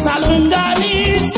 Salondanis.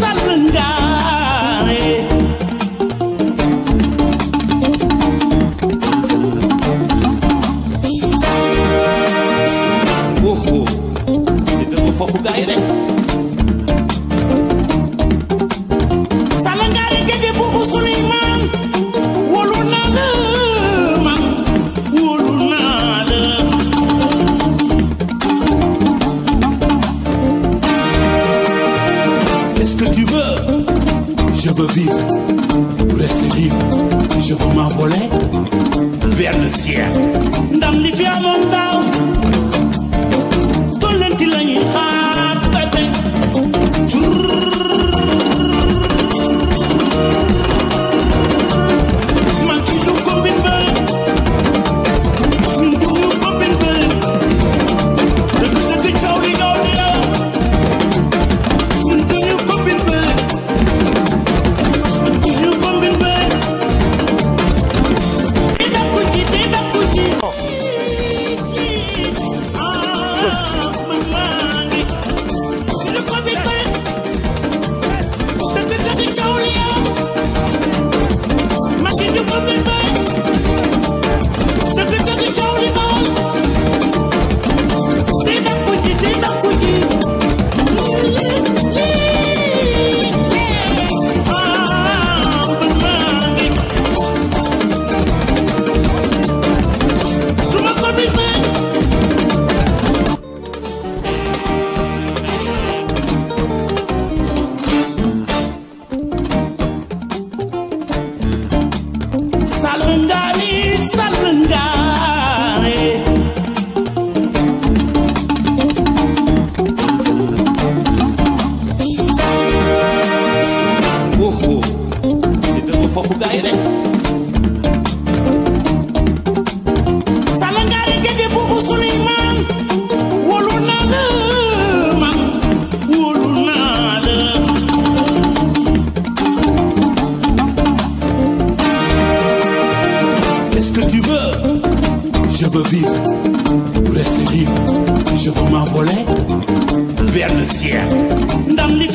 veux vivre pour rester libre. Je veux m'envoler vers le ciel. Dans les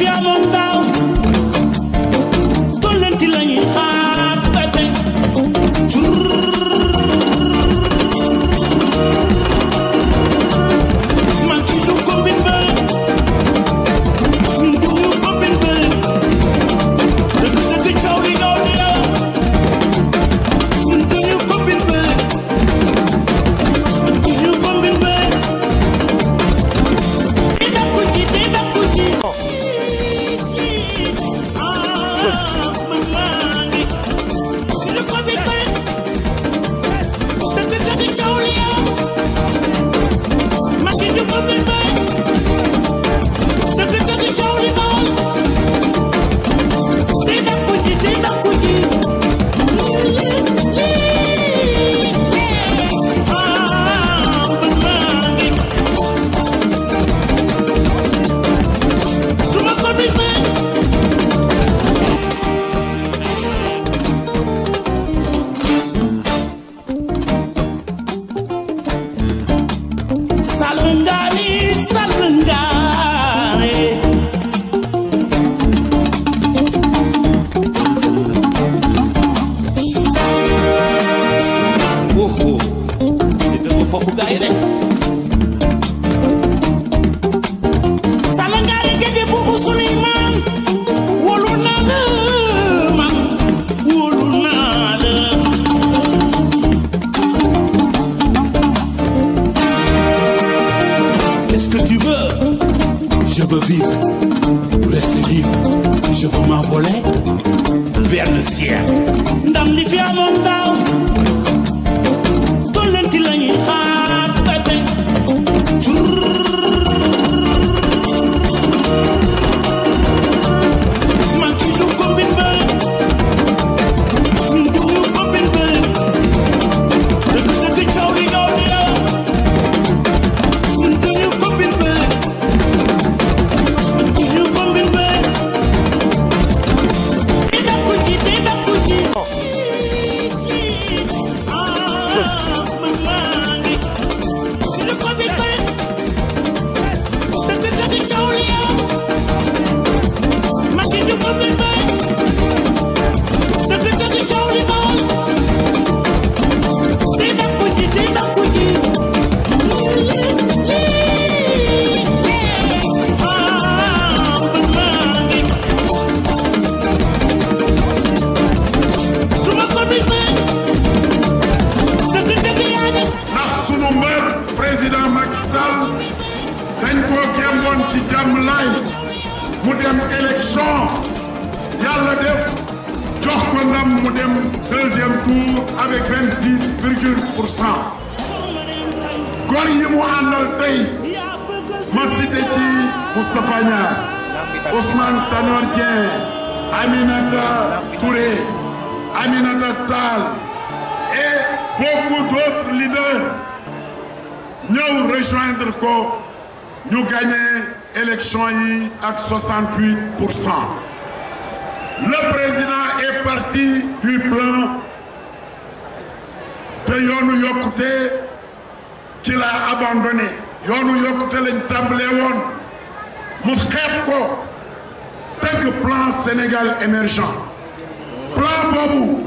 et beaucoup d'autres leaders nous rejoindre pour gagner gagner élection à 68 le président est parti du plan de Yonou qu'il a abandonné Yonou yokkute lañ le plan Sénégal émergent plan Bobou.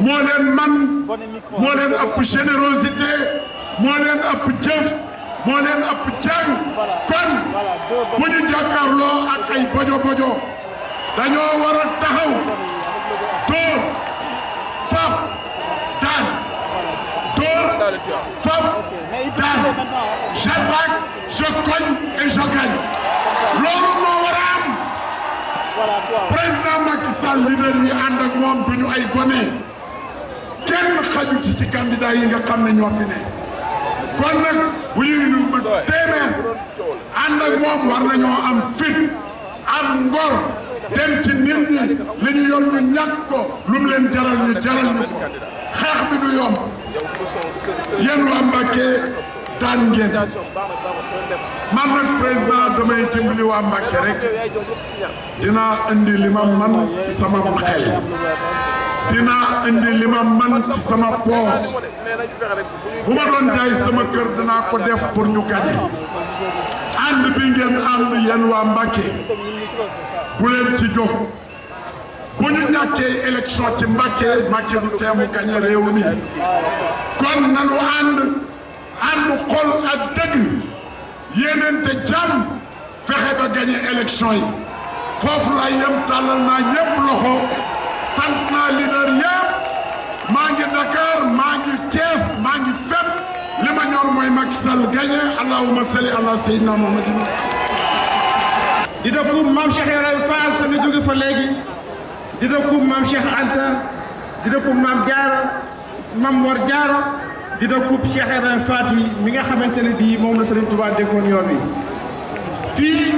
moo leen man moo leen générosité moo leen ëpp jëf moo leen ëpp jàng kon bu ak ay bojo bojo dañoo war a taxaw dóor fab daan dóor fab daan j'attaque je cogne et je gagne moo war a am président Macky Sall leader yi ànd moom du ñu ay gone kenn xaju ci ci candidat yi nga xam ne ñoo fi ne kon nag bu ñu lu ba téeméer ànd ak moom war nañoo am fit am ngor dem ci nit ñi li ñu yor ñu ñàkk lu mu leen jaral ñu jaral ñu ko xeex bi du yomb yéen waa Mbàkke tànn ngeen man nag président damay dimbali waa Mbacke rek dinaa indi li ma man ci sama xel dinaa indi li ma man ci sama poos bu ma doon jaay sama kër dinaa ko def pour ñu gañe ànd bi ngeen ànd yéen waa bu leen ci jox bu ñu ñàkkee élection ci Mbacke Mbacke du teemu gañe réew mi kon nanu ànd ànd xol ak dëgg yéenante jàmm fexe ba gagné élection yi foofu laa yem tàllal naa ñëpp loxo sant naa leader yëpp maa ngi Dakar maa ngi Thiès maa ngi fépp li ñor mooy Macky Sall gagné allahuma salli ala sayyidina Muhammadin di dëkkub maam Cheikh Ibrahima Fall te nga jóge fa legi di dëkkub maam Cheikh Anta di dëkkub maam Diarra maam Mor Diarra di dëkkub Cheikh Ibrahim Fati mi nga xamante ne bii moom la Serigne Touba déggoon yoon wi fii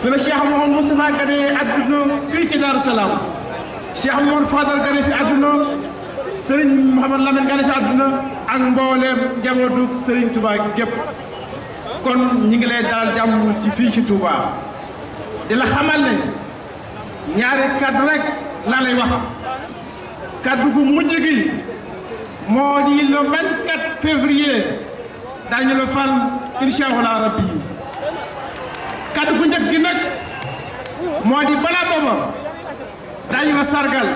fi la Cheikh Mouhamadou Moustapha gadee adduna fii ci Daaru Salaam Cheikh Mouhamadou Fadal gadee fi adduna Serigne Mouhamadou Lamine gadee fi adduna ak mbooleem njabootu Serigne Touba gépp kon ñi ngi lay dalal jàmm ci fii ci Touba di la xamal ne ñaari kaddu rek laa lay wax kaddu gu mujj gi. moo di le 24 février daañu la fal incha allah rabbi kaddu gu njëkk gi nag moo di balaa booba daañu la sargal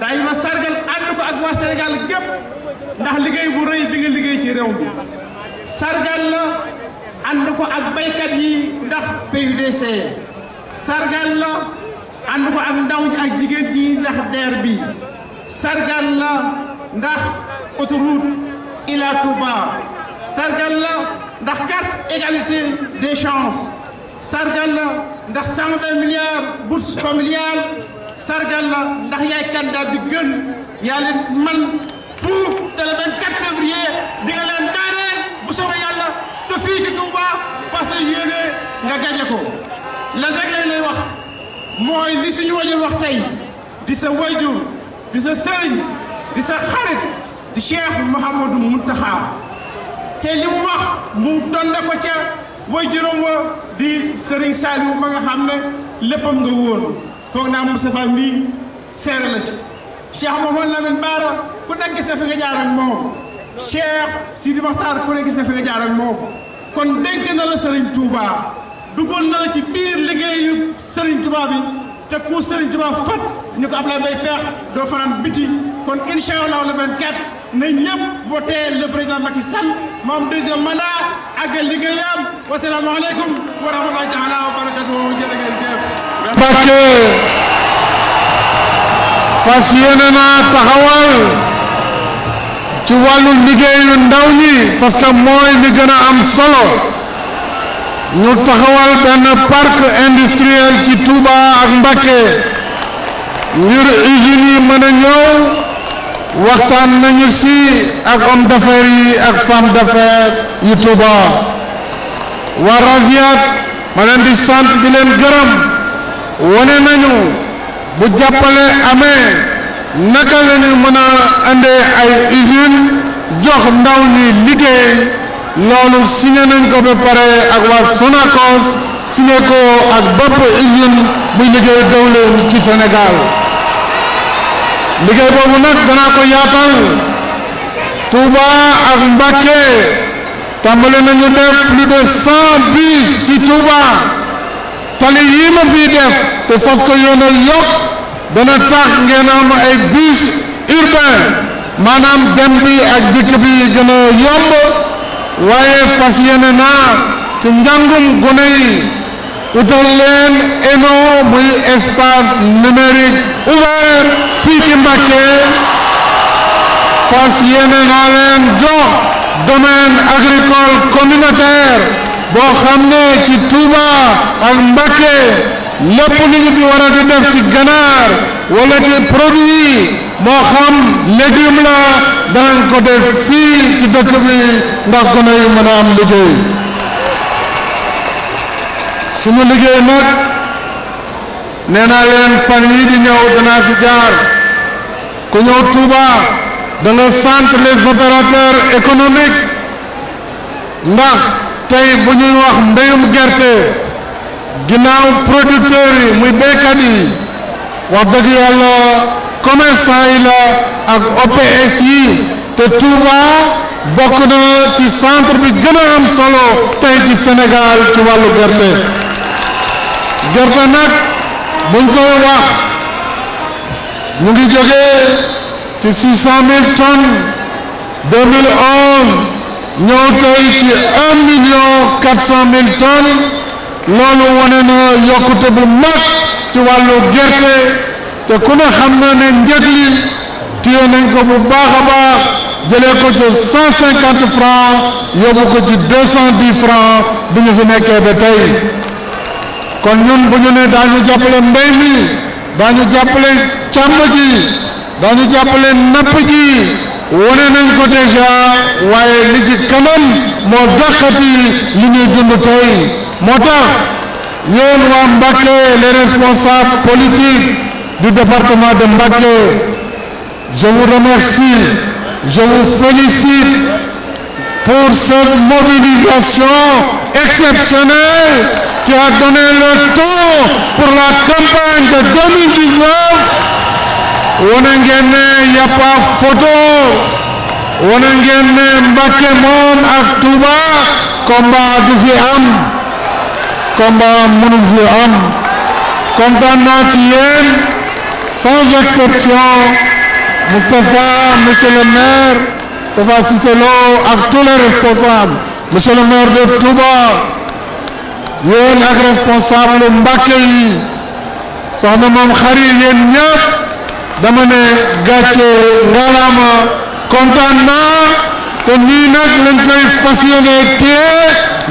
daañu la sargal ànd ko ak waa Sénégal gépp ndax liggéey bu rëy bi nga liggéey ci réew mi sargal la ànd ko ak baykat yi ndax PUDC sargal la ànd ko ak ndaw ñi ak jigéen ñi ndax DER bi sargal la. ndax autoroute Ila Touba sargal la ndax carte égalité des chances sargal la ndax 120 milliards bourse familiale sargal ndax yaay candidat bi gën yaa leen man fuuf te le di nga leen daaneel bu soobee yàlla te fii ci Touba fas la nga gañe ko lan rek lañ wax mooy li suñu wajur wax tey di sa wajur di sa sëriñ di sa xarit di Cheikh Mouhamadou Mountakha te li mu wax mu donde ko ca way juróom wa di Serigne Saliou ma nga xam ne léppam nga wóor foog naa Moustapha mii seere la si Cheikh Mouhamadou Lamine Bara ku nekk gis na fi nga jaar ak moom Cheikh Sidi Mokhtar ku nekk gis fi nga jaar moom kon dénk na la Serigne Touba duggoon na la ci biir liggéeyu Serigne Touba bi te ku Serigne Touba fat ñu ko Ablaye Mbaye Pekh doo fanaan biti kon incha allah le 24 na ñëpp voté le président moom deuxième mandat ak liggéeyam wasalaamaaleykum wa rahmatullahi taala wa barakatuhu jërë ngeen jëf. taxawal ci wàllu liggéeyu ndaw ñi parce que mooy li gën a am solo. ñu taxawal benn parc industriel ci Touba ak Mbacké ngir usines yi mën waxtaan nañu si ak homme d'affaires yi ak femme d'affaires yi Touba waa ma leen sant di leen gërëm wane nañu bu jàppale amee naka la ñu mën a andee ay usine jox ndaw ñi liggéey loolu signé nañ ko ba ak waa Sonacos signé ko ak bopp usine buy liggéey dawleen ci Sénégal liggéey boobu nag danaa ko yaatal Touba ak Mbacké tàmbali nañu def plus de cent bus ci Touba tali yii ma def te fas ko yokk dana tax ngeen am ay bus urbain maanaam dem bi ak dikk bi yomb waaye fas yéene naa ci njàngum utal leen ENO muy espace numérique ouvert fii ci Mbacké fas yéene naa domaine agricole communautaire boo ne ci Touba ak Mbacké lépp lu ñu fi a di ganaar wala produit moo xam légume ko def fii ci dëkk bi ndax gone suñu liggéey nag nee naa leen fan yii di ñëw danaa si jaar ku ñëw Touba da nga centre les opérateurs économiques ndax tey bu ñuy wax mbéyum gerte ginnaaw producteur yi muy béykat yi wax dëgg yàlla commerçant yi la ak OPS yi te Touba bokk na ci centre bi gën a am solo tey ci Sénégal ci wàllu gerte. gerte nag buñ koy wax mu ngi jógee ci six cent mille tonnes deux onze ñëw tey ci un mille tonnes loolu wane na yokkute bu mag ci wàllu gerte te ku ne xam ne njëg li téye nañ ko bu baax a baax jëlee ko ci cent cinquante francs yóbbu ko ci deux francs bi ñu fi nekkee ba kon ñun bu ñu ne daañu jàppale mbéy mi daañu jàppale càmm ji ko déjà waaye li ci kanam moo dàqati li ñuy dund tey moo les responsables politiques du département de Mbacké je vous remercie je vous félicite pour cette mobilisation exceptionnelle qui a donné le temps pour la campagne de 2019. On gagné il n'y a pas photo. On gagné, Mbakemon, Aktuba, combat du Viam, combat Mounou Viam, combat Natien, sans exception, Moustapha, Monsieur le maire, Moustapha Sisselo, à tous les responsables, Monsieur le maire de Touba, yéen ak responsable de yi soxna moom xari yéen ñëpp dama ne gàcce ngalaama kontaan naa te nii nag lañ koy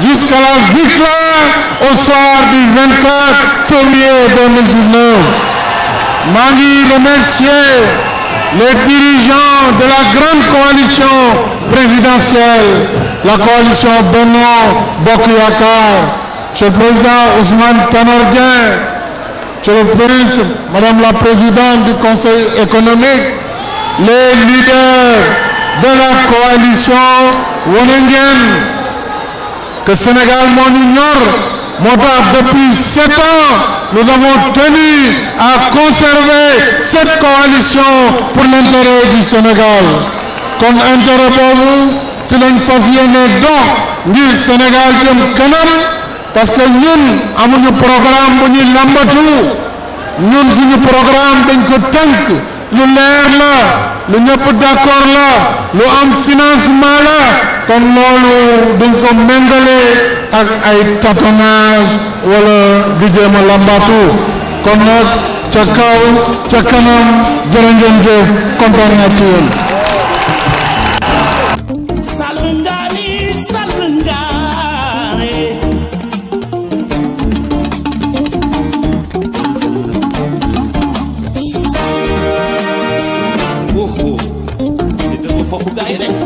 jusqu'à la victoire au soir du 24 février 2019 maa ngi remercier les dirigeants de la grande coalition présidentielle la coalition Benoît Bokk Monsieur le Président Ousmane Tanordien, Monsieur le Président, Madame la Présidente du Conseil économique, les leaders de la coalition Wolingienne, que Sénégal mon ignore, depuis sept ans, nous avons tenu à conserver cette coalition pour l'intérêt du Sénégal. Comme intérêt pour vous, c'est une dans de Sénégal paske ñun amuñu programme buñu lambatu ñun suñu programme dañ ko tank lu leer la lu ñëpp d'accord la lu am finance mala kon loolu duñ ko mengale ak ay tatonage wala di jéem tu lambatu kon nag ca kaw ca kanam jërëngeen jëf for food, I